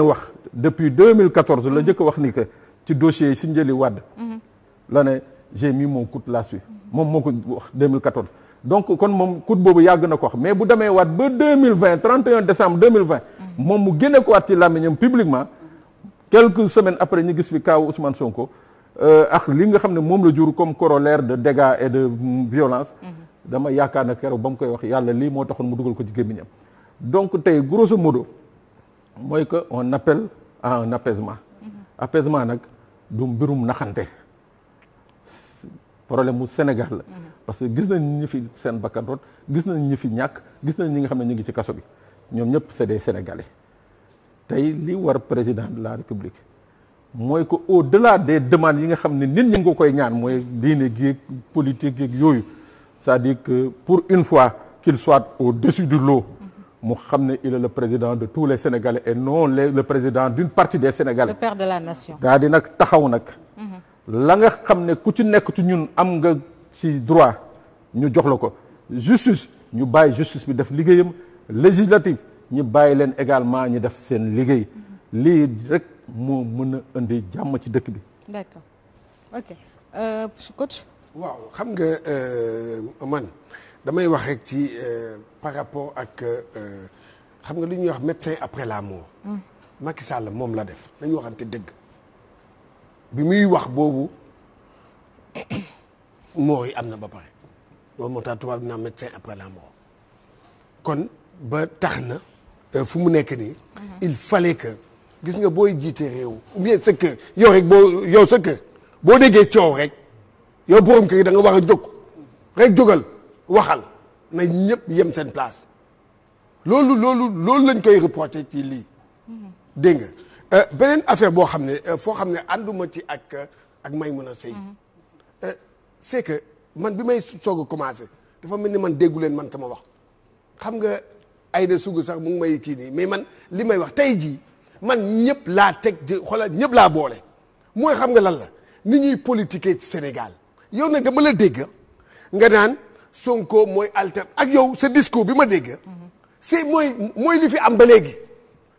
wax depuis 2014 la njëkk wax ni que ci dossier yi suñu jëli wàdd la ne j'ai mis mon coude là moom moo ko wax donc kon moom coude boobu yàgg na ko wax mais bu demee waat ba 2020 31 décembre 2020 moom mu génne ko waat ci làmmiñam publiquement quelques semaines après ñu gis fi kaaw Ousmane Sonko euh, ak li nga xam ne moom la jur comme corollaire de dégâts et de violence dama yaakaar na keroog ba mu koy wax yàlla lii moo taxoon mu dugal ko ci gémmiñam donc tey grosso modo mooy que on appelle à un apaisement mm-hmm. apaisement nag du mbirum naxante problème mu Sénégal la mm-hmm. parce que gis nañ ñi seen bakkan gis nañ ñi fi ñàkk gis nañ ñi nga xam ne ñu ngi ci kaso bi ñoom ñëpp c'est des Sénégalais tey li war président de la République mooy que au-delà des demandes yi nga xam ne nit ñi nga koy ñaan mooy diine gi politique géeg yooyu c'est-à-dire que pour une fois qu'il soit au-dessus du lot mu xam ne il est le président de tous les sénégalais et non le président d'une partie des sénégalais. le père de la nation. nag taxaw nag. Mhm. la nga xam ne ku ci nekk ci ñun am nga ci droit ñu jox la ko justice ñu bàyyi justice bi def liggéeyam législative ñu bàyyi leen également ñu def seen liggéey mhm. lii rek moo mën a indi jàmm ci dëkk bi. d'accord ok euh, waaw xam nga euh, man damay wax rek ci. Euh, par rapport ak euh, xam nga li ñuy wax médecin après la mort. Mm. Macky Sall moom la def nañu waxante dëgg bi muy wax boobu mort yi am na ba pare loolu moo tax tubaab bi naan médecin après la mort kon ba tax na euh, fu mu nekk nii. Mm-hmm. il fallait que gis nga booy jiite réew ou bien sa kër yow rek boo yow sa kër boo déggee coow rek yow borom kër da nga war a jóg rek jógal waxal. na ñëpp yem seen place loolu loolu loolu lañ koy reproché ci lii dégg nga euh, beneen affaire boo xam ne euh, foo xam ne ànduma ci ak euh, ak a Seye mm-hmm. c'est que man bi may soog a commencé dafa mel ni man déggu leen man sama wax xam nga Aïda Sougou sax mu ngi may kii nii mais man li may wax tey jii man ñëpp laa teg di xoolal ñëpp laa boole mooy xam nga lan la ni ñuy politiquer ci Sénégal yow nag dama la dégg nga naan Sonko mooy alter ak yow sa discours bi ma dégg. c'est mooy mooy li fi am ba léegi.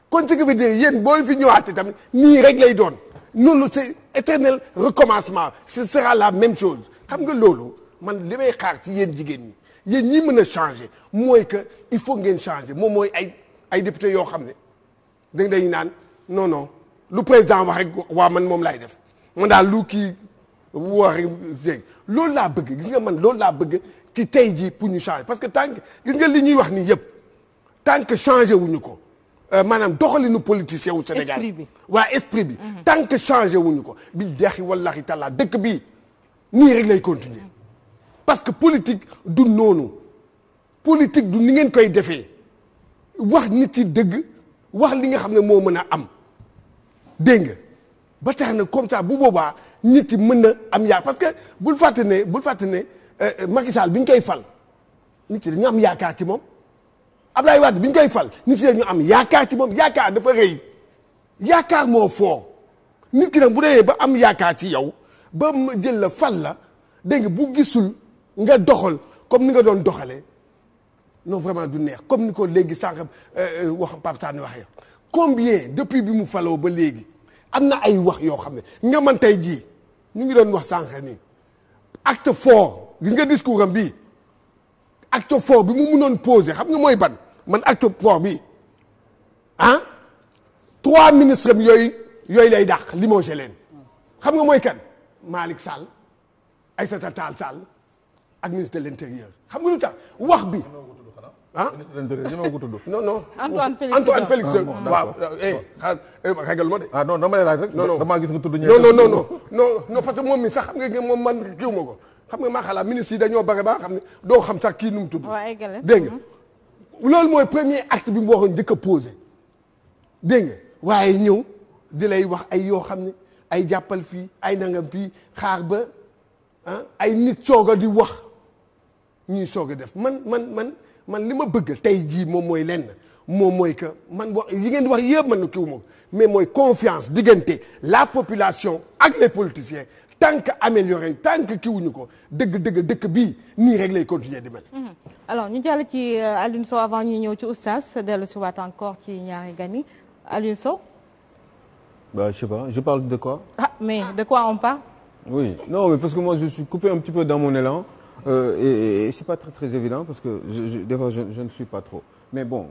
kon ce qui veut dire yéen boo fi ñëwaatee tamit nii rek lay doon noonu c'est éternel recommencement ce sera la même chose xam nga loolu man li may xaar ci yéen jigéen ñi yéen ñi mën a changer mooy que il faut ngeen changer moom mooy ay ay député yoo xam ne dañ dañu naan non non lu président wax rek waa man moom laay def man daal lu kii wax rek loolu laa bëgg gis nga man loolu laa bëgg. ci tey jii pour ñu changer parce que tant que gis nga li ñuy wax nii yëpp tant que changé wuñu ko euh, maanaam doxalinu politicien wu Sénégal waa esprit bi mhm. tant que changé wuñu ko bi deexi wallahi tàllaa dëkk bi nii rek lay continuer parce que politique du noonu politique du ni ngeen koy defee wax nit ci dëgg wax li nga xam ne moo mën a am dégg nga ba tax na comme bu boobaa nit yi mën na am yaa parce que bul fàtte ne bul fàtte Eh, eh, Macky Sall bi ñu koy fal nit yi dañu am yaakaar ci moom Abdoulaye Wade bi ñu koy fal nit yi am yaakaar ci moom yaakaar dafa rëy yaakaar moo foo nit ki bu dee ba am yaakaar ci yow ba jël la fal la dégg nga bu gisul nga doxal comme ni nga doon doxalee non vraiment du neex comme ni ko léegi sànq eh, wax Pape Sane waxee combien depuis bi mu faloo ba léegi am na ay wax yoo xam ne nga man tey jii ñu ngi doon wax sànq ni acte fort gis nga discours am bii acte fort bi mu mënoon poser xam nga mooy ban man acte fort bi ah trois ministres am yooyu yooyu lay dàq limogé leen xam nga mooy kan Malick Sall Aïssata Tall Sall ak ministre de l'intérieur xam nga lu tax wax bi. ah ministre ah, eh, eh, de l'intérieur ñi ma ko tudd. non non Antoine ma de. lay rek. non non non non non moom mi sax xam nga moom man kiiw ma ko. xam nga maa xalaat ministre yi dañoo bare ba nga xam ne doo xam sax kii nu mu tudd. waaw eggale dégg mhm. loolu mooy premier act bi mu waxoon njëkk a posé dégg nga waaye ñëw di lay wax ay yoo xam ne ay jàppal fii ay nangam fii xaar ba ah ay nit soog a di wax ñuy soog a def man man man man li ma bëgg tey jii moom mooy lenn. moom mooy que man wax yi ngeen di wax yëpp man na kiwu moom mais mooy confiance diggante la population ak les politiciens tant que amélioré tant que kiwuñu ko dëgg-dëgg dëkk bii nii rek lay continuer mhm. alors ñu jàll ci euh, Alioune Sow avant ñuy ñëw ci oustaz dellu si waat encore ci ñaari gan yi Alioune Sow. bah je pas je parle de quoi. ah mais de quoi on parle. oui non mais parce que moi je suis coupé un petit peu dans mon élan euh, et, c'est pas très évident parce que je je des fois je, ne suis pas trop mais bon.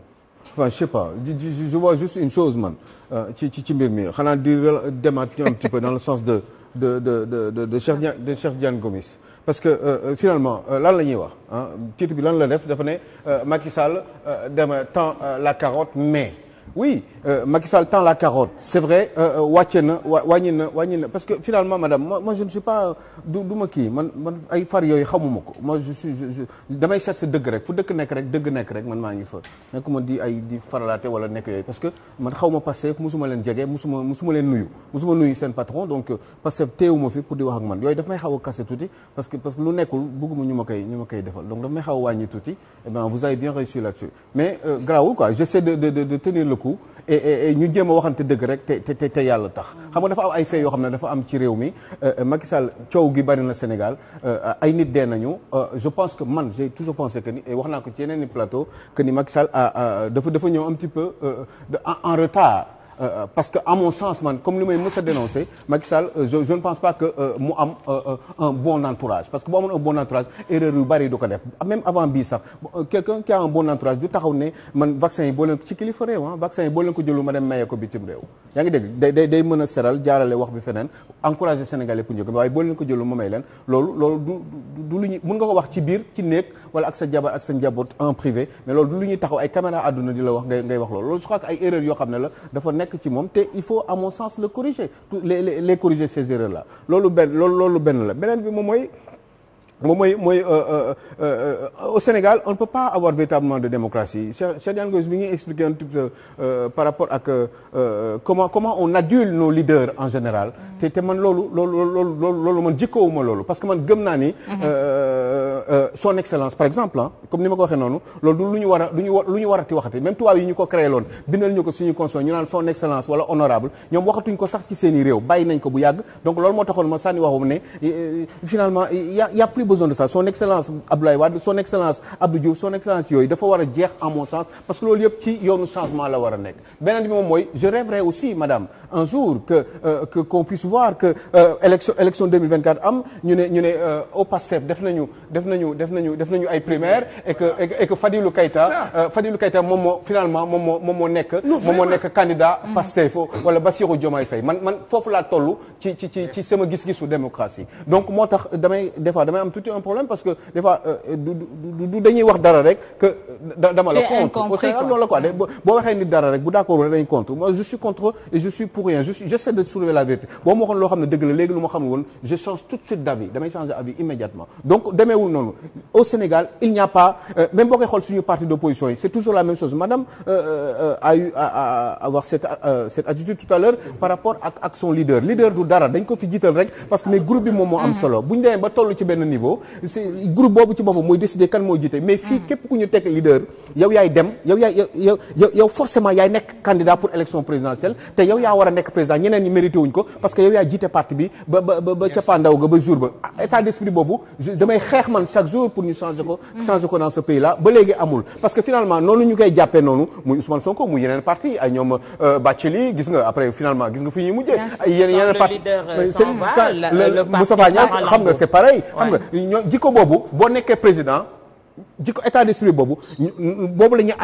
enfin je sais pas je, vois juste une chose man euh, ci ci ci mbir mi xanaa demaat un petit peu dans le sens de. de de de de de Cheikh de Cheikh Diagne Gomis parce que euh, euh finalement euh, lan la ñuy wax ah titre bi lan la def dafa ne euh, Macky Sall dama tend la carotte mais. oui euh, Macky Sall la carotte c'est vrai euh, euh, wàcce na wa wàññi na wàññi na parce que finalement madame moi, je ne suis pas du ma kii man man ay far yooyu xamuma ko moi je suis je damay chercher dëgg rek fu dëgg nekk rek dëgg nekk rek man maa ngi fa nekkuma di ay di faralaate wala nekk yooyu parce que man xaw ma Pastef musuma leen jege musuma musuma leen nuyu musuma nuyu seen patron donc euh, Pastef teewuma fi pour di wax man yooyu daf may xaw a kase tuuti parce lu nekkul bëgguma ñu ma koy defal donc daf may a wàññi tuuti eh bien vous avez bien réussi là-dessus mais dëkku ñu jéem a waxante dëgg rek te te te yàlla tax xam nga dafa am ay fee yoo xam ne dafa am ci réew mi euh, euh, Macky Sall coow gi bari na Sénégal euh, ay nit dee nañu je pense que man j'ai toujours pensé que ni wax naa ko ci yeneen i plateau que ni Macky Sall dafa dafa ñëw un petit peu en retard Euh, euh, parce que à mon man comme li may mës a dénoncer Macky Sall euh, je je ne pense pas que mu am un bon entourage parce que bu amoon un bon entourage erreur yu bari du ko def même avant bii sax quelqu'un qui a un bon entourage du taxaw ne man vaccin yi boo leen ci kilifa réew ah, vaccin yi boo leen ko jëlu ma dem mayee ko bitim réew yaa ngi dégg day day day mën a seral jaarale wax bi feneen encourager Sénégalais pour ñu waaye boo leen ko jëlu ma may wala ak sa jabar ak sa njaboot en privé mais loolu lu ñuy taxaw ay caméra àdduna di la wax ngay wax loolu loolu je crois ay erreurs yoo xam ne la dafa nekk ci moom te il faut à mon sens le corriger les les corriger ces erreurs là loolu benn loolu loolu benn la beneen bi moom mooy moom mooy mooy euh, euh, euh, au Sénégal on ne peut pas avoir véritablement de démocratie Cheikh Diagne Gomis mi ngi expliqué un petit peu par rapport ak comment comment on adule nos leaders en général te te man loolu loolu man jikkowuma loolu parce que man gëm naa ni mhm. son excellence par exemple comme ni ma noonu loolu du lu ñu war a lu ñu warati waxati même tubaab yi ñu ko créé loon bindal ñu ko suñu constitution ñu naan son excellence wala honorable ñoom waxatuñ ko sax ci seen i réew bàyyi nañ ko bu yàgg donc loolu moo a a besoin de ça son excellence Abdoulaye Wade son excellence Abdou Diouf son excellence yooyu dafa war a jeex à mon sens parce que loolu yëpp ci yoonu changement la war a nekk beneen bi moom mooy je rêverais aussi madame un jour que euh, qu'on puisse voir que euh, élection am ñu ne ñu ne euh, au PASTEF def nañu def nañu def nañu def nañu ay primaires et que et que Fadilou Keïta Fadilou Keïta moom moo finalement moom moo moom moo nekk moom moo nekk candidat mm-hmm. PASTEF wala Bassirou Diomaye Faye man man foofu laa toll ci ci ci ci sama gis-gisu démocratie donc moo tax damay des fois constitue un problème parce que des euh, euh, du dañuy wax dara rek que euh, dama la contre c'est boo waxee nit dara rek bu d'accord dañuy contre moi je suis contre et je suis pour rien je suis j'essaie de soulever la boo ma waxoon loo xam ne dëgg la léegi lu ma xam ne woon je change tout de suite d'avis damay changer avis immédiatement donc demeewul noonu au Sénégal il n'y a pas même boo koy xool suñu parti d'opposition yi c'est toujours la même chose madame a eu à avoir cette cette attitude tout niveau boobu ci boppam mooy décider kan moo jiite mais fii hmm. képp ku ñu teg leader yow yaay dem yow yaay yow yow nekk candidat pour élection présidentielle te yow yaa war a nekk président ñeneen ñi wuñ ko parce que yow yaa jiite parti bi ba ba ba cappaandaw ga ba jour ba ah, état d'esprit boobu damay xeex man chaque jour pour ñu changer ko hmm. dans ce pays là ba léegi amul parce que finalement noonu ñu koy jàppee noonu muy Ousmane Sonko muy yeneen parti ay ñoom euh, Bathily gis ñoo jikko boobu boo nekkee président jikko état d'esprit boobu boobu la ñu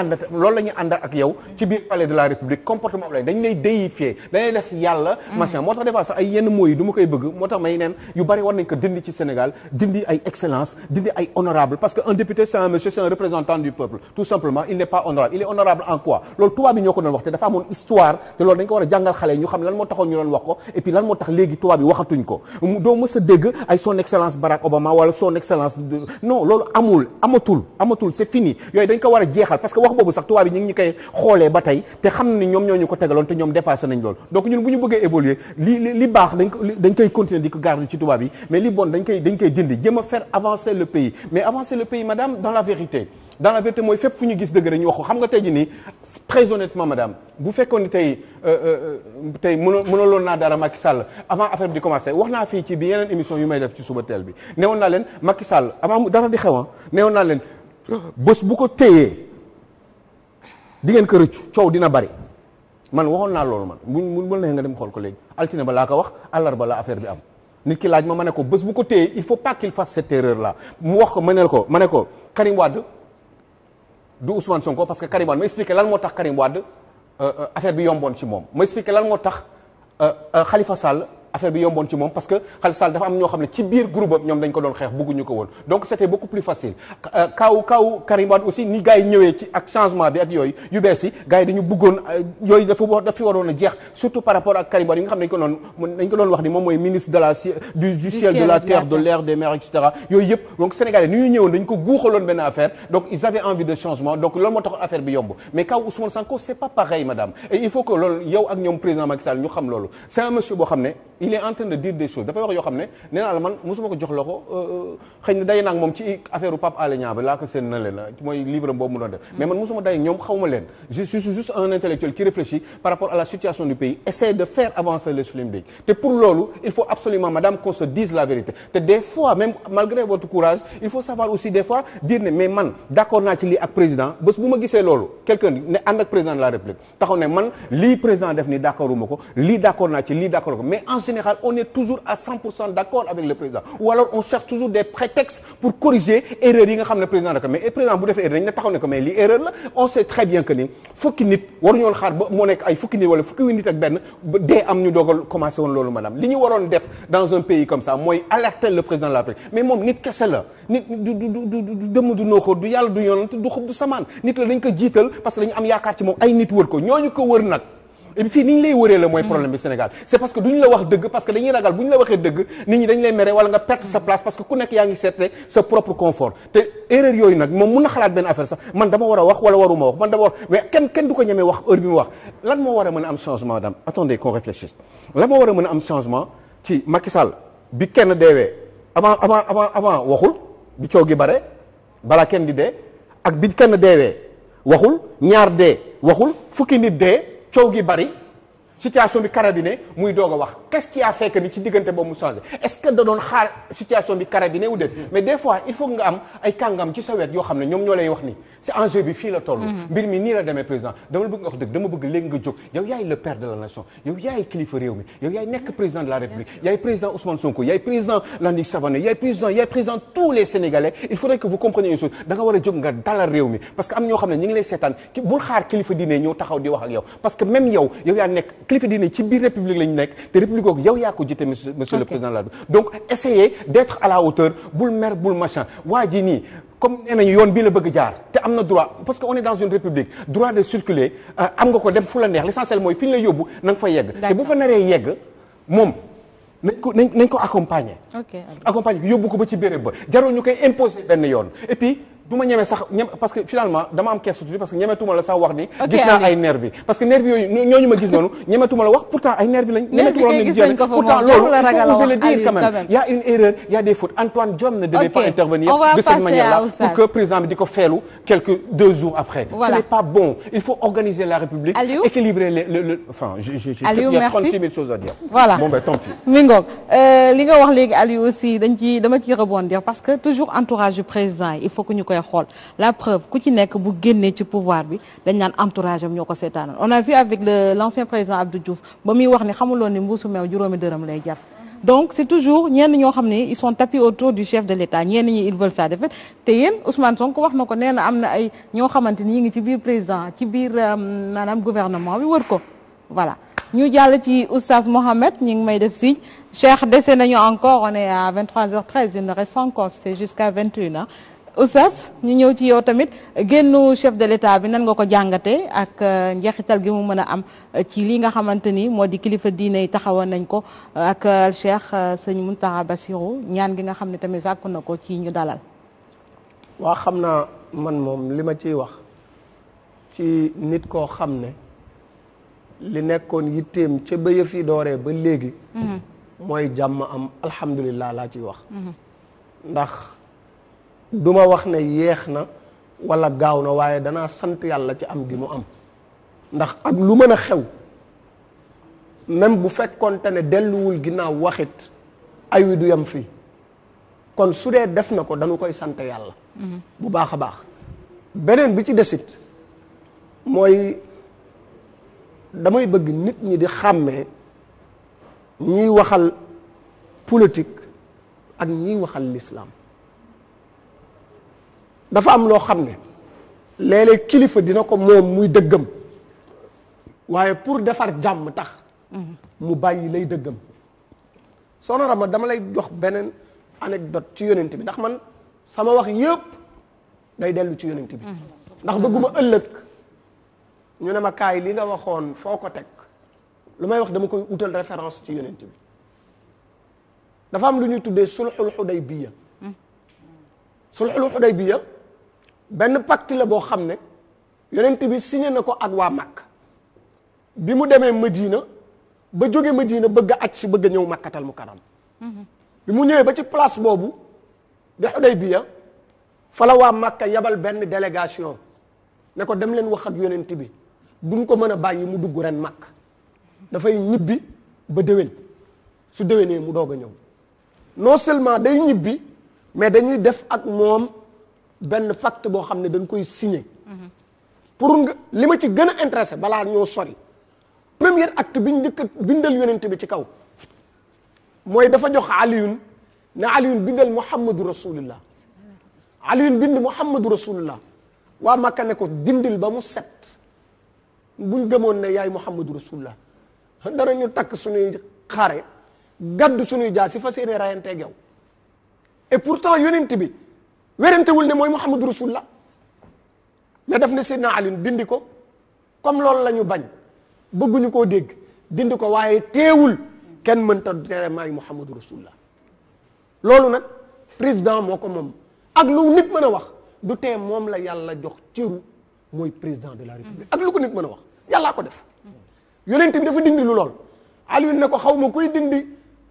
ànd ak yow ci biir palais de la république comportement bi dañ lay déifier dañ def yàlla mm. machin moo tax des fois sax ay yenn mots yi du ma koy bëgg moo tax may neen yu bari war nañ ko dindi ci Sénégal dindi ay excellence dindi ay honorable parce que un député c'est un monsieur c'est un représentant du peuple tout simplement il n'est pas honorable il est honorable en quoi loolu tubaab bi ñoo ko doon wax te dafa amoon histoire a moo taxoon ko et puis lan moo tax léegi tubaab bi son excellence Barack Obama wala son excellence amatul c'est fini yooyu dañ ko war a jeexal parce que wax boobu sax tubaab yi ñu ngi ñu koy xoolee ba tey te xam ne ñoom ñoo ñu ko tegaloon te ñoom dépassé nañ lool donc ñun bu ñu bëggee évoluer li li baax dañ ko dañ koy continuer di ko garder ci tubaab yi mais li bon dañ koy dindi jéem a faire avancer le pays mais avancer le pays madame dans la vérité dans la vérité mooy fépp fu ñu gis dëgg rek ñu wax xam nga tey ji nii très honnêtement madame bu fekkoon ni tey euh, euh, euh, tey Sall avant affaire bi di wax naa fii bi yeneen émission yu may suba teel bi newoon naa leen Macky Sall avant dara di xewan ah, newoon naa leen bés bu ko téyee di ngeen ko rëccu coow dina bari man waxoon naa loolu man mu mun mën na nga dem xool ko léegi altine ba laa ko wax àllarba la affaire bi am nit ki laaj ma ma ne ko bés bu ko téyee il faut pas qu'il fasse cette erreur là mu wax ko ma ne ko ma ne ko Karim Wade du Ousmane Sonko parce que Karim Wade ma expliqué lan moo tax Karim Wade euh, euh, affaire bi yomboon ci moom ma expliqué lan moo tax euh, Khalifa Sall affaire bi yomboon ci moom parce que Khalifa Sall dafa am ñoo xam ne ci biir groupe am ñoom dañ ko doon xeex bëgguñu ko woon donc c'était beaucoup plus facile euh, kaaw kaaw Karim aussi ni gars ñëwee ci ak changement bi ak yooyu yu bees yi dañu bëggoon euh, yooyu dafa wax waroon a jeex surtout par rapport ak Karim Wade yi xam ni ñu ñëwoon dañ ko guuxaloon benn affaire donc ils avaient envie de changement donc loolu moo tax affaire bi yomb mais il est en train de dire des choses dafay wax yoo xam ne nee naa la man mosuma ko jox la ko euh, euh, xëy day naag moom ci affaire u Pape Alé Niang laa ko seen na leen mooy livre boobu mu doon def mais man mosuma day ñoom xawma leen je suis un intellectuel qui réfléchit par rapport à la situation du pays essaie de faire avancer le schlimmbing te pour loolu il faut absolument madame qu'on se la vérité te des fois malgré votre courage il faut savoir général, on est toujours à 100% d'accord avec le président ou alors on cherche toujours des prétextes pour corriger erreur yi nga xam ne président da ko mais président bu defee erreur dañ ne taxaw ne ko mais lii erreur la on sait très bien que ni fukki nit waruñu woon xaar moo nekk ay fukki nit wala fukki nit ak benn dee am ñu dogal commencé loolu maanaam li ñu waroon def dans un pays comme ça mooy alerter le président de la mais moom nit kese la du du du du dëmm jiital parce que dañu am nit wër ko ñooñu ko wër et puis fii ni ñu lay wëree la mooy problème bi Sénégal c'est parce que duñu la wax dëgg parce que dañuy ragal bu ñu la waxee dëgg nit ñi dañ lay mere wala nga perte sa place parce que ku nekk yaa ngi seete sa propre confort te erreur yooyu nag moom mun na xalaat benn affaire sax man dama war a wax wala waruma wax man dama war a mën a am changement dam attendez qu'on réfléchisse lan moo war a mën a am changement ci Macky Sall bi kenn deewee avant avant avant avant waxul bi gi bare balaa kenn di dee ak bi kenn deewee waxul ñaar dee waxul fukki nit dee coow gi bari situation bi carabinée muy doog a wax qu'est-ce qui a fait que ni ci diggante boobu mu changé est-ce que da doon xaar situation bi carabinée wu déet mais des fois il faut nga am ay kàngam ci sa wet yoo xam ne ñoom ñoo lay wax ni ci enjeu bi fii la toll mbir mi nii la président dama la bëgg nga wax dëgg dama yaay le père de la nation yow yaay kilifa réew mi yow yaay nekk président réew mi parce que am ñoo xam ne ñi ngi lay bul xaar kilifa diine ñëw taxaw di wax ak parce que même yow yow yaa nekk kilifa diine ci biir république lañu nekk te république boobu yow yaa ko jiite monsieur le président de la donc essayez d'être à la hauteur bul mer bul machin waa ji nii comme nee nañu yoon bii la bëgg jaar te am na droit parce que on est dans une république droit de circuler euh, am nga ko dem fu la neex l'essentiel mooy fi la yóbbu na fa yegg te bu fa naree yegg moom nañ ko nañ ko accompagner accompagner yóbbu ko ba ci béréb ba jarul ñu koy imposer benn yoon et du parce que finalement dama am kees tuuti parce que ñemetuma la sax wax ni. gis ay nervi parce que nervi yooyu ñooñu ma gis pourtant ay nervi lañ. ñemetuma la ñu jël pourtant loolu il faut oser le dire quand même. une erreur y des fautes Antoine Diome ne devait pas intervenir de cette manière là pour que président bi di ko deux jours après. ce n'est pas bon il faut organiser la République. équilibrer le enfin. Aliou merci il à dire. Euh, parce que toujours koy xool la preuve ku ci nekk bu génnee ci pouvoir bi dañ naan entourage ñoo ko seetaanal on a vu avec le l' président Abdou Diouf ba muy wax ni xamuloon ni mbuusu meew juróomi dërëm lay jar. donc c' toujours ñenn ñoo xam ne ils sont tapis autour du chef de l' état ñi ils veulent sa défaite te yéen Ousmane Sonko wax na ko nee am na ay ñoo xamante ni ñu ngi ci biir président ci biir euh, maanaam gouvernement bi wër ko voilà. ñu jàll ci oustaz Mohamed ñu ngi may def signe Cheikh dese nañu encore on est à Oustaz ñu ñëw ci yow tamit génnu chef de l'État bi nan nga ko jàngatee ak euh, njeexital gi mu mën a am euh, ci lii nga xamante ni moo di kilifa diine yi taxawoon nañ ko euh, ak Cheikh sëñ Mountakha Bassirou ñaan gi nga xam ne tamit sàkku na ko ci ñu dalal. waa xam naa man moom li ciy wax ci nit koo xam ne li nekkoon yitteem ca ba yëf yi dooree ba léegi. Mm-hmm. mooy jàmm am alhamdulilah laa ciy wax. Mm-hmm. ndax. du ma wax ne yeex na walla gaaw na waaye danaa sant yàlla ci am gi mu am ndax ak lu mën a xew même bu fekkoonte ne delluwul ginnaaw waxit ay wi du yam fii kon su dee def na ko dañu koy sant yàlla mm-hmm. bu baax a baax beneen bi ci desit mooy damay bëgg nit ñi di xàmmee ñuy waxal politik ak ñuy waxal l'islam dafa am loo xam ne léeg kilifa dina ko moom muy dëggam waaye pour defar jàmm tax mu bàyyi lay dëggam soxna Rama dama lay jox beneen anecdote ci yonent bi ndax man sama wax yëpp day dellu ci yonent bi ndax bëgguma ëllëg ñu ne ma kaay li nga waxoon foo ko teg lu may wax dama koy utal référence ci yonent bi dafa am lu ñuy tuddee sulxul xudaybiya hmm. sulxul xudaybiya benn pacte la boo xam ne yonent bi signé na ko ak waa Makka bi mu demee ma diina ba jóge Medina bëgg a aj si bëgg a ñëw Makkatal Mukarram bi mu ñëwee ba ci place boobu di Xudaybiya fa la waa Makka yabal benn délégation ne ko dem leen wax ak yonent bi duñ ko mën a bàyyi mu dugg ren Makka dafay ñibbi ba déwén su déwénee mu doog a ñëw non seulement day ñibbi mais dañuy def ak moom benn pacte boo xam ne dañ koy signer pour nga li ma ci gën a intéressé balaa ñoo sori premier acte bi njëkk a bindal yonent bi ci kaw mooy dafa jox aliyun ne aliyun bindal muhammadu rasulillah aliyun bind muhammadu rasulillah waa Makka ne ko dindil ba mu set buñ gëmoon ne yaay muhammadu rasulillah dara ñu takk suñuy xare gàdd suñuy jaas si fas yéene rayante ak pour et pourtant yonent bi werantewul ne mooy Muhammadu Rasulullah mais def na Seydina Ali dindi ko comme loolu la ñu bañ bëgguñu koo dégg dindi ko waaye teewul kenn mënta tere maay Muhammadu Rasulullah loolu nag président moo ko moom ak lu nit mën a wax du tee moom la yàlla jox cëru mooy président de la république ak lu ko nit mën a wax yàllaa ko def yonent bi dafa dindi lu lool Alioune ne ko xaw ma kuy dindi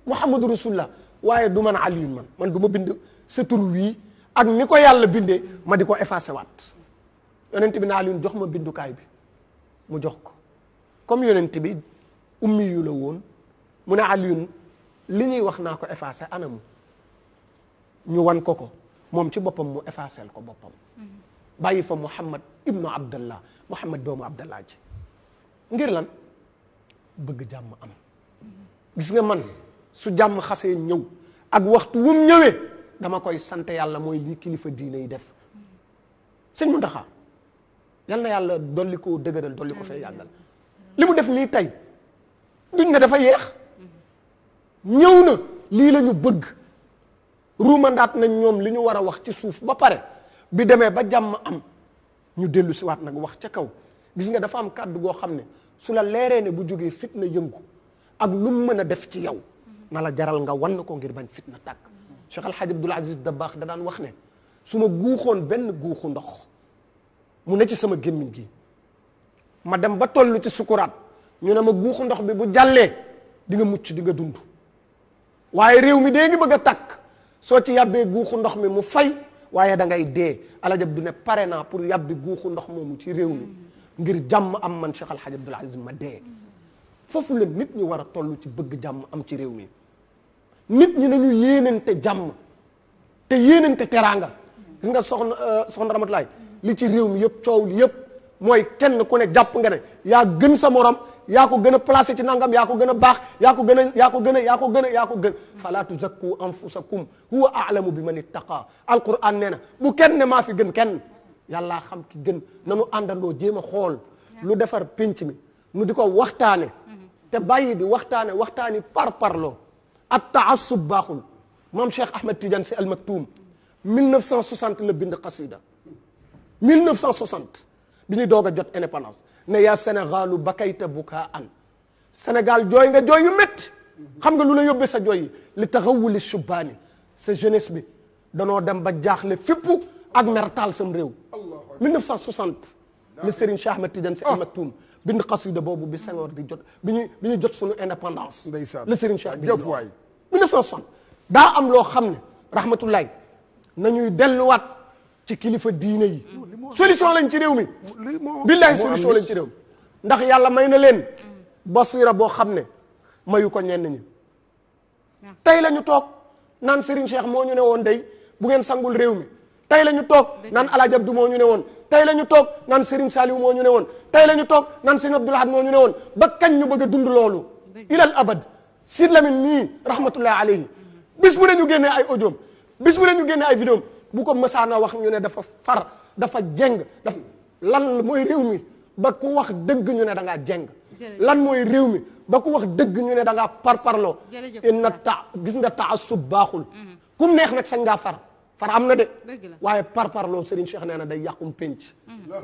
Muhammadu Rasulullah waaye du man Alioune man man du ma bind sa tur wii ak ni ko yàlla bindee ma di ko effacé waat yonent bi naa leen jox ma bindukaay bi mu jox ko comme yonent bi ummi yu la woon mu ne Alioune li ñuy wax naa ko effacé anamu ñu wan ko ko moom ci boppam mu effacé ko boppam mm-hmm. bàyyi fa Muhammad ibnu Abdallah Muhammad doomu Abdallah ji ngir lan bëgg jàmm am mm-hmm. gis nga man su jàmm xase ñëw ak waxtu wum ñëwee dama koy sant yàlla mooy lii kilifa diine yi def sëñ Muntaxa yal na yàlla dolli ko dëgëral dolli ko fee yàggal li mu def nii tey duñ ne dafa yeex ñëw na lii la ñu bëgg ruumandaat nañ ñoom li ñu war a wax ci suuf ba pare bi demee ba jàmm am ñu dellusiwaat si nag wax ca kaw gis nga dafa am kàddu goo xam ne su la leeree ne bu jógee fitna yëngu ak lu mu mën a def ci yow na la jaral nga wan ko ngir bañ fitna tàkk Cheikh Al Hadj Abdoul Aziz Dabakh da daan wax ne su ma guuxoon benn guuxu ndox mu ne ci sama gémmiñ gi ma dem ba toll ci sukuraat ñu ne ma guuxu ndox bi bu jàllee di nga mucc di nga dund waaye réew mi dee ngi bëgg a tàkk soo ci yàbbee guuxu ndox mi mu fay waaye da ngay dee alajab du ne pare naa pour yàbbi guuxu ndox moomu ci réew mi ngir jàmm am man Cheikh Al Hadj ma dee foofu la nit ñi war a toll ci bëgg jàmm am ci réew mi nit ñi nañu yéenante jàmm te yéenante teraanga gis nga soxna euh, soxna Ramatoulaye li ci réew mi yëpp coow li yëpp mooy kenn ku ne jàpp nga ne yaa gën sa morom yaa ko gën a placé ci nangam yaa ko gën a baax yaa ko gën a yaa ko gën a yaa gën a yaa ko gën fala tuzakku anfusakum huwa a'lamu bi man ittaqa alquran nee na bu kenn ne maa fi gën kenn yàllaa xam ki gën nanu àndandoo jéem a xool lu defar pénc mi nu di ko waxtaane mm-hmm. te bàyyi di waxtaane waxtaani par parloo at taassub baaxul maam Cheikh Ahmed Tidiane si almaktuum 1960 la bind xasida 1960 bi ñuy doog a jot indépendance ne yaa sénégalu bakayta bukaa an sénégal jooy nga jooy yu nga lu la yóbbee sa jooy yi li taxawuli subbaani sa jeunesse bi danoo dem ba jaaxle fippu ak mertaal sam réew 1960 la Serigne Cheikh Ahmed Tidiane si ah. almaktuum bind xasida boobu bi Senghor di jot bi ñu bi ñu jot suñu indépendance. ndeysaan la Serigne Cheikh bi jëf waay 1960 daa am loo xam ne rahmatullahi nañuy delluwaat ci kilifa diine yi. solution lañ ci réew mi. billahi solution lañ ci réew mi. ndax yàlla may na leen. basira boo xam ne mayu ko ñenn ñi. tey la ñu toog naan Serigne Cheikh moo ñu ne woon day bu ngeen sangul réew mi. tey la ñu toog naan El Hadj Abdou moo ñu ne woon tey la ñu toog naan Serigne Saliou moo ñu ne woon tey la ñu toog naan Serigne Abdou Lahad moo ñu ne woon ba kañ ñu bëgg a dund loolu ilal abad Sid Lamine mii rahmatullahi alayhi bis bu ne ñu génnee ay audio bis bu ne ñu génnee ay vidéo bu ko mësaana wax ñu ne dafa far dafa jeng dafa lan mooy réew mi ba ku wax dëgg ñu ne da ngaa jeng lan mooy réew mi ba ku wax dëgg ñu ne da ngaa parparloo inna ta gis nga taasub baaxul mm-hmm. kum neex nag sañ ngaa far far am na de waaye par parloo Serigne Cheikh nee na day yàqum pénc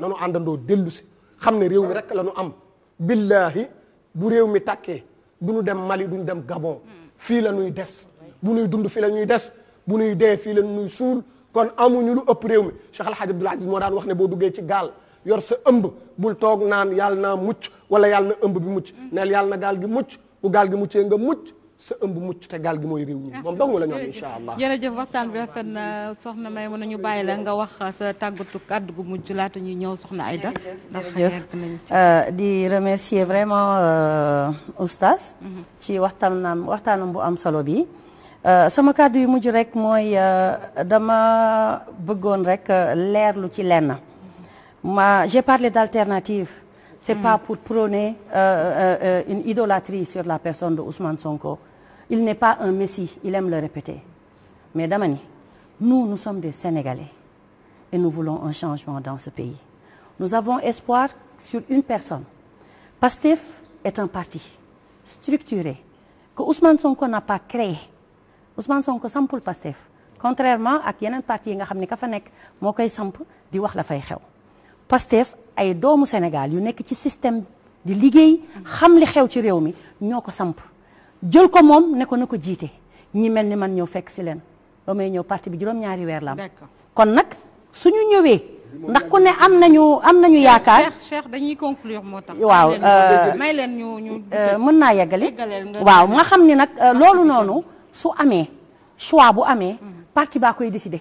nanu àndandoo dellu si xam ne réew mi rek la nu am billaahi bu réew mi tàkkee du ñu dem Mali du ñu dem Gabon fii la ñuy des bu ñuy dund fii la ñuy des bu nuy dee fii la ñuy suul kon amuñu lu ëpp réew mi Cheikh Al Hadj Abdoul moo daan wax ne boo duggee ci gaal yor sa ëmb bul toog naan yàlla naa mucc wala yàlla na ëmb bi mucc mm. neel yàlla na gaal gi mucc bu gaal gi muccee nga mucc sa ëmb mucc te gaal gi mooy réew mi moom dong la ñoom incha allah jërëjëf waxtaan bi rafet na soxna may mën ñu bàyyi la nga wax sa tàggatu kàddu gu mujj laata ñuy ñëw soxna Aïda ndax euh, di remercier vraiment euh, oustaz mhm. ci waxtaan am bu am solo bi euh, sama kàddu yu mujj rek mooy dama bëggoon rek leerlu ci lenn ma j'ai parlé d'alternative c'est mm. pas pour prôner euh, euh, euh, une idolâtrie sur la personne de Ousmane Sonko il n'est pas un messie il aime le répéter mais dama ni nous nous sommes des Sénégalais et nous voulons un changement dans ce pays nous avons espoir sur une personne Pastef est un parti structuré que Ousmane Sonko n'a pas créé Ousmane Sonko sampul Pastef contrairement ak yeneen parti yi nga xam ne ka fa nekk moo koy samp di wax la fay xew Pastef ay doomu Sénégal yu nekk ci système di liggéey xam li xew ci réew mi ñoo ko samp jël ko moom ne ko na ko jiite ñi mel ni man ñëw fekk si leen ba ñëw parti bi juróom-ñaari weer la am kon nag su ñu ñëwee ndax ku ne am nañu am nañu yaakaar Cheikh dañuy conclure moo tax waaw may leen ñu euh, ñu euh, mën naa yeggali waaw nga xam ni nag euh, loolu noonu su amee choix bu amee mm-hmm. parti baa koy décider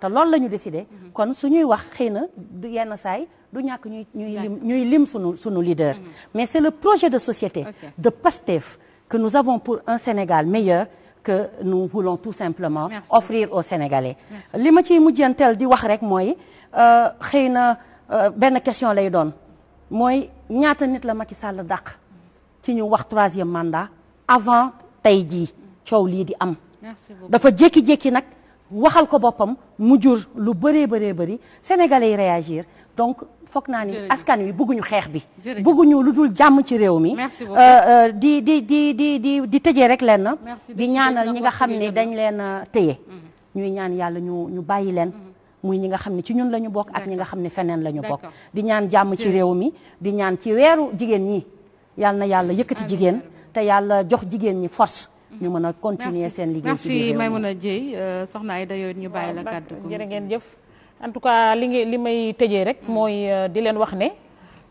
te loolu la ñu décidé. Mhm. kon suñuy wax xëy na du yenn saay du ñàkk ñuy ñuy lim ñuy lim suñu suñu leader. Mhm. mais c'est le projet de société. de PASTEF que nous avons pour un Sénégal meilleur. que nous voulons tout simplement Merci. offrir au Sénégalais li ma ciy mujjanteel di wax rek mooy euh, xëy na euh, benn question lay doon mooy ñaata nit la Macky Sall dàq ci ñu wax troisième mandat avant tey ji coow lii di am dafa jékki-jékki nag waxal ko boppam mu jur lu bëree bëree bëri sénégalais yi réagir donc foog naa ni askan wi bëgguñu xeex bi bëgguñu lu dul jàmm ci réew mi euh, euh, di di di di di di tëjee rek lenn di ñaanal ñi nga xam ne dañ leen euh, tëye mhm. ñuy ñaan yàlla ñu ñu bàyyi leen mhm. muy ñi nga xam ne ci ñun la ñu bokk ak ñi nga xam ne feneen la ñu bokk di ñaan jàmm ci réew mi di ñaan ci weeru jigéen ñi yàlla na yàlla yëkkati jigéen te yàlla jox jigéen ñi force ñu mën a continuer seen liggéey si may réew a merci Maimouna Dieye euh, soxna Aïda yooyu ñu bàyyi la kàddu jërë ngeen jëf en tout cas li nga li may tëjee rek mm. mooy euh, di leen wax ne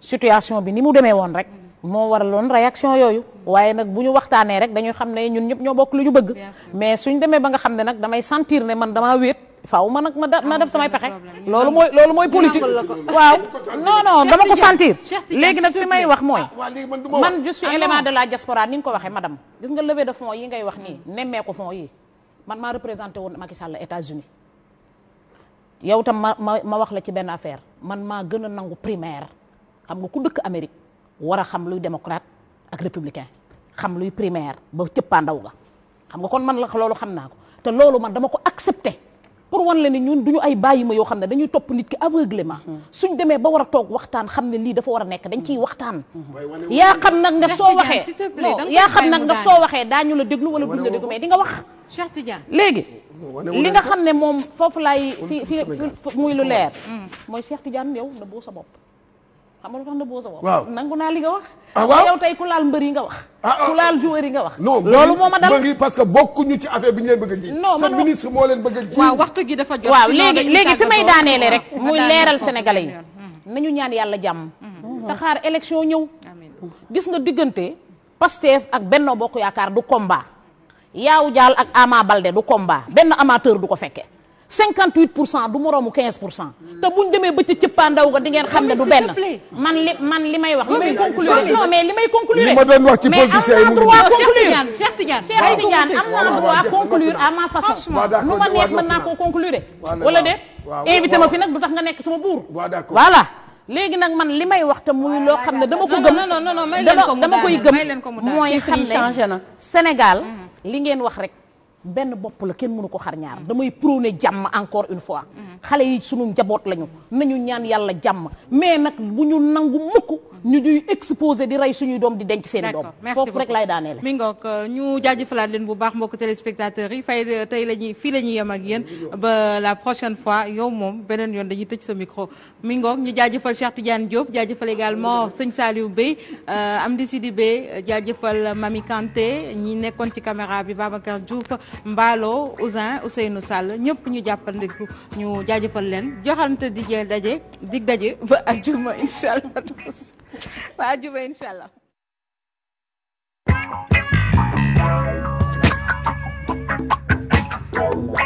situation bi ni mu demee woon rek moo waral waraloon réaction yooyu waaye nag bu ñu waxtaanee rek dañuy xam ne ñun ñëpp ñoo bokk lu ñu bëgg mais suñ demee ba nga xam ne nag damay sentir ne man damaa wéet faw ma nag ma ma def samay pexe loolu mooy loolu mooy politique waaw non non dama ko sentir léegi nag fi may wax mooy ah, man je suis ah, élément de la diaspora ni nga ko waxee madame gis nga lewee de fonds yi ngay wax nii nemmee ko fonds yi man maa représenté woon Macky Sall États-Unis yow tam ma ma ma wax la ci benn affaire man maa gën a nangu primaire xam nga ku dëkk Amérique war a xam luy démocrate ak républicain xam luy primaire ba cëppaandaw ga xam nga kon man la loolu xam naa ko te loolu man dama ko accepté pour wan la ni ñun duñu ay bàyyi ma yoo xam ne dañuy topp nit ki aveuglément hmm. suñ demee ba war a toog waxtaan xam ne lii dafa war a nekk dañ ciy hmm. waxtaan hmm. yaa xam nag nga soo waxee yaa xam nag nga soo waxee daañu la déglu wala duñ la déglu mais di nga wax Cheikh Tidiane léegi li nga xam ne moom foofu laay fi fi muy lu leer mooy Cheikh Tidiane yow na boo sa bopp xam nga lu tax na boo nangu naa li nga wax. ah waaw ah, yow tey ku laal mbër yi nga wax. Ah, ah. ku laal joueur yi nga wax. loolu moo ma dal parce que bokkuñu ci affaire bi ñu leen bëgg a ji. non man ministre bëgg a ji. waaw gi dafa jot. waaw léegi léegi fi may daaneele rek. muy leeral sénégalais yi. Mm-hmm. nañu ñaan yàlla jàmm. Mm-hmm. taxaar élection ñëw. gis nga diggante. Pastef ak Benno Bokk Yaakaar du combat. Yaawu Jaal ak Ama Balde du combat benn amateur du ko fekke 58 pour cent du moroomu 15 pour cent. te bu ñu demee ba ca cëppaandaw ga di ngeen xam ne du benn. man li man may wax. li may conclure mais li may conclure. ma doon wax ci politiciens yi mu ngi mais Cheikh Tidiane Cheikh Tidiane am naa droit conclure à ma façon. lu ma neex mën naa koo conclure. wala de invité fi nag du tax nga nekk sama buur. voilà. léegi nag man li may wax te muy loo xam ne dama ko gëm dama koy gëm mooy xam ne Sénégal mm-hmm. li ngeen wax rek benn bopp la kenn mënu ko xar ñaar damay prôné jàmm encore une fois mm-hmm. xale yi sunu njaboot na nañu ñaan yàlla jàmm mais nag bu ñu nangu mukk ñu ñuy exposé di rey suñuy doom di denc seen i doom foofu rek lay daaneel mi ngoog euh, ñu jaajëfalaat leen bu baax mbokk téléspectateurs yi fay euh, tey la ñuy fii la ñuy yem ak yéen ba la prochaine fois yow moom beneen yoon dañuy tëj sa micro mi ngoog ñu jaajëfal Cheikh Tidiane Diop jaajëfal également sëñ Saliou Bey euh, Amdi Sidibé jaajëfal Mami Kanté ñi nekkoon ci caméra bi Babacar Diouf Mballo Ousin Ousseynou Sall ñëpp ñu jàppal jàppandiku ñu jaajëfal leen joxante di jël daje dig daje ba waa juba incha allah.